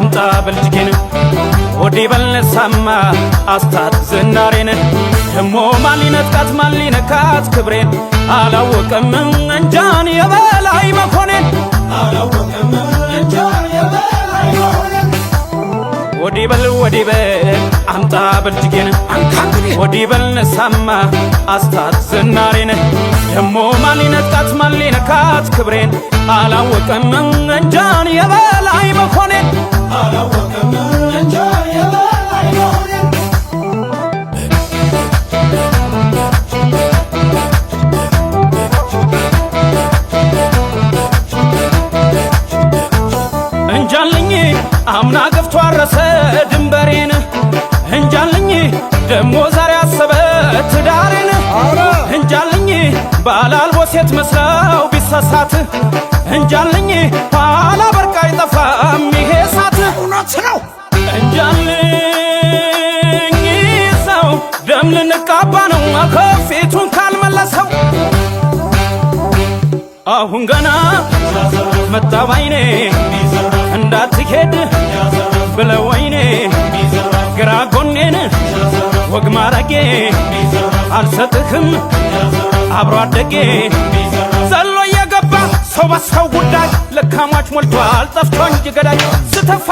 አምጣ በልጅጌን ወዲ በልነሳማ አስታት ዝናሬን ደሞ ማን ሊነጥቃት ማን ሊነካት ክብሬን አላወቀም እንጃን የበላይ መኮንን አላወቀም እንጃን የበላይ መኮንን ወዲ በል ወዲ በል አምጣ በልጅጌን ወዲ በልነሳማ አስታት ዝናሬን ደሞ ማን ሊነጥቃት ማን ሊነካት ክብሬን አላወቀም እንጃን የበ ትዳሬን እንጃልኝ ባላልቦ ሴት መስለው ቢሰሳት እንጃልኝ ኋላ በርቃ አይጠፋም ይሄ ሳት እንጃልኝ ሰው ደም ልንቃባ ነው ከፊቱን ካልመለሰው አሁን ገና መጣ ባይኔ እንዳትሄድ ወግ ማረጌ አልሰጥህም አብሮ አደጌ ዘሎ እየገባ ሰው በሰው ጉዳይ ለካሟች ሞልቷል ጠፍቶ እንጂ ገዳይ ስተፋ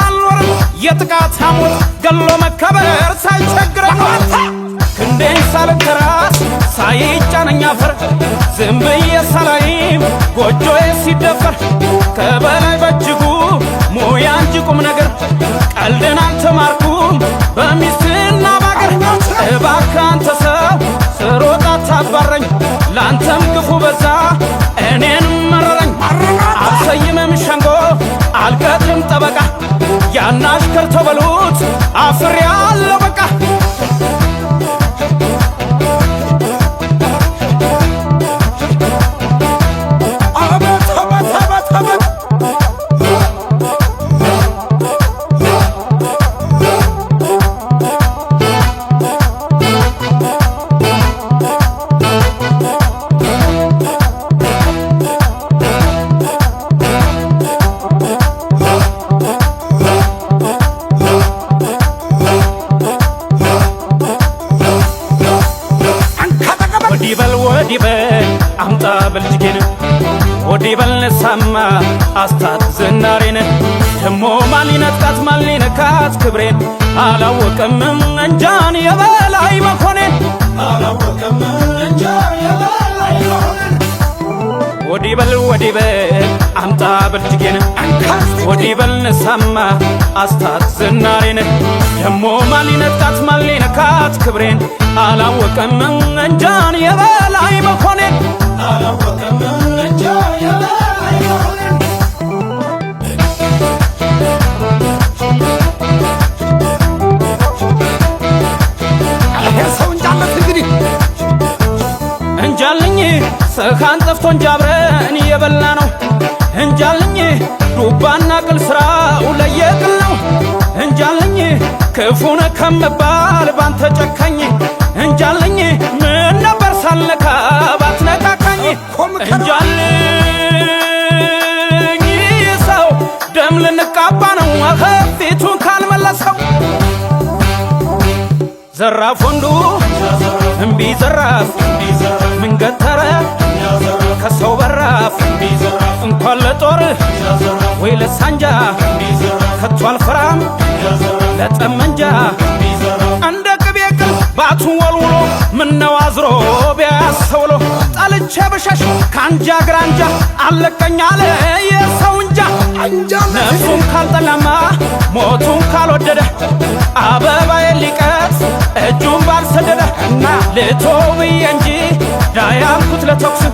የጥቃት ሐሞት ገሎ መከበር ሳይቸግረኝ ክንዴን ሳልተራስ ሳይጫነኝ አፈር ዝም ብዬ ሳላይም ጎጆዬ ሲደፈር ከበላይ በእጅጉ ሙያ እንጂ ቁም ነገር ቀልድን አልተማርኩ ግርፋቱ በዛ እኔንም መረረኝ አልሰይምም ሸንጎ አልቀጥልም ጠበቃ ያናሽከርተው በሉት አፍሬ አለው በቃ በልጅጌን ወዲ በልነሳማ አስታት ዝናሬን ደሞ ማን ሊነጥቃት ማን ሊነካት ክብሬን አላወቀም እንጃን የበላይ መኮኔን አላወቀም እንጃን የበላይ መኮኔን ወዲ በል ወዲ በል አምጣ በልጅጌን ወዲ በልነሳማ አስታት ዝናሬን ደሞ ማን ሊነጥቃት ማን ሊነካት ክብሬን አላወቀም እንጃን የበላይ መኮኔን እንጃልኝ ሰኻን ጠፍቶ እንጃብረን እየበላ ነው እንጃልኝ ዱባና ቅል ስራው ለየቅል ነው እንጃልኝ ክፉነ ከምባል ባንተ ጨካኝ ነው አኸ ፊቱን ካልመለሰው ዘራፍ ወንዱ እምቢ ዘራፍ ምንገተረ ከሰው በራፍ እንኳን ለጦር ወይ ለሳንጃ ከቶ አልፈራም ለጠመንጃ እንደ ቅቤ ቅል ባቱን ወልውሎ ምነዋዝሮ ቢያስተውሎ ሸብሸሽ ከአንጃ ግራንጃ አለቀኝ አለ የሰው እንጃ ነፍሱን ካልጠላማ ሞቱን ካልወደደ አበባዬ ሊቀት እጁን ባልሰደደ እና ልቶ ብዬ እንጂ ዳያልኩት ለተኩስ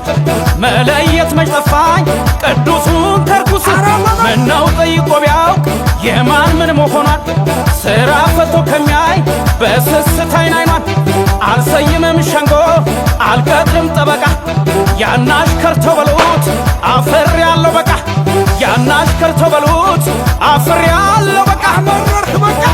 መለየት መች ጠፋኝ ቅዱሱን ተርኩስ ምነው ጠይቆ ቢያውቅ የማን ምን መሆኗል ስራ ፈቶ ከሚያይ በስስት አይን አይኗን አልሰይምም ሸንጎ አልቀጥልም ጠበቃ ያናሽ ከርቶ በሉት አፍር ያለው በቃ ያናሽ ከርቶ በሉት አፍር ያለው በቃ መረርክ በቃ